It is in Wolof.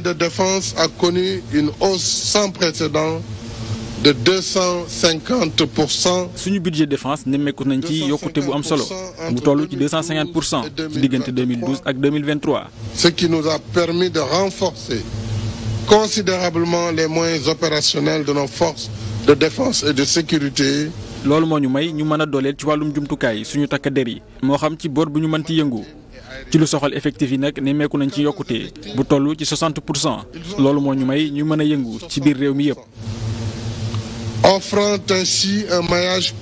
de défense a connu une hausse sans précédent de 250 pour cent. suñu budget défense nemmeeku nañ ci yokkute bu am solo mu toll ci 250 pour cent ci diggante 2012 ak 2023. ce qui nous a permis de renforcer considérablement les moyens opérationnels de nos forces de défense de sécurité. loolu moo ñu may ñu mën a dooleel ci wàllum jumtukaay suñu takk der yi. moo xam ci boor bu ñu mën ci yëngu. ci lu soxal effectif yi nag nemmeeku nañ ci yokkute bu toll ci 60 pour cent loolu moo ñu may ñu mën a yëngu ci biir réew mi yëpp. offrant ainsi un maillage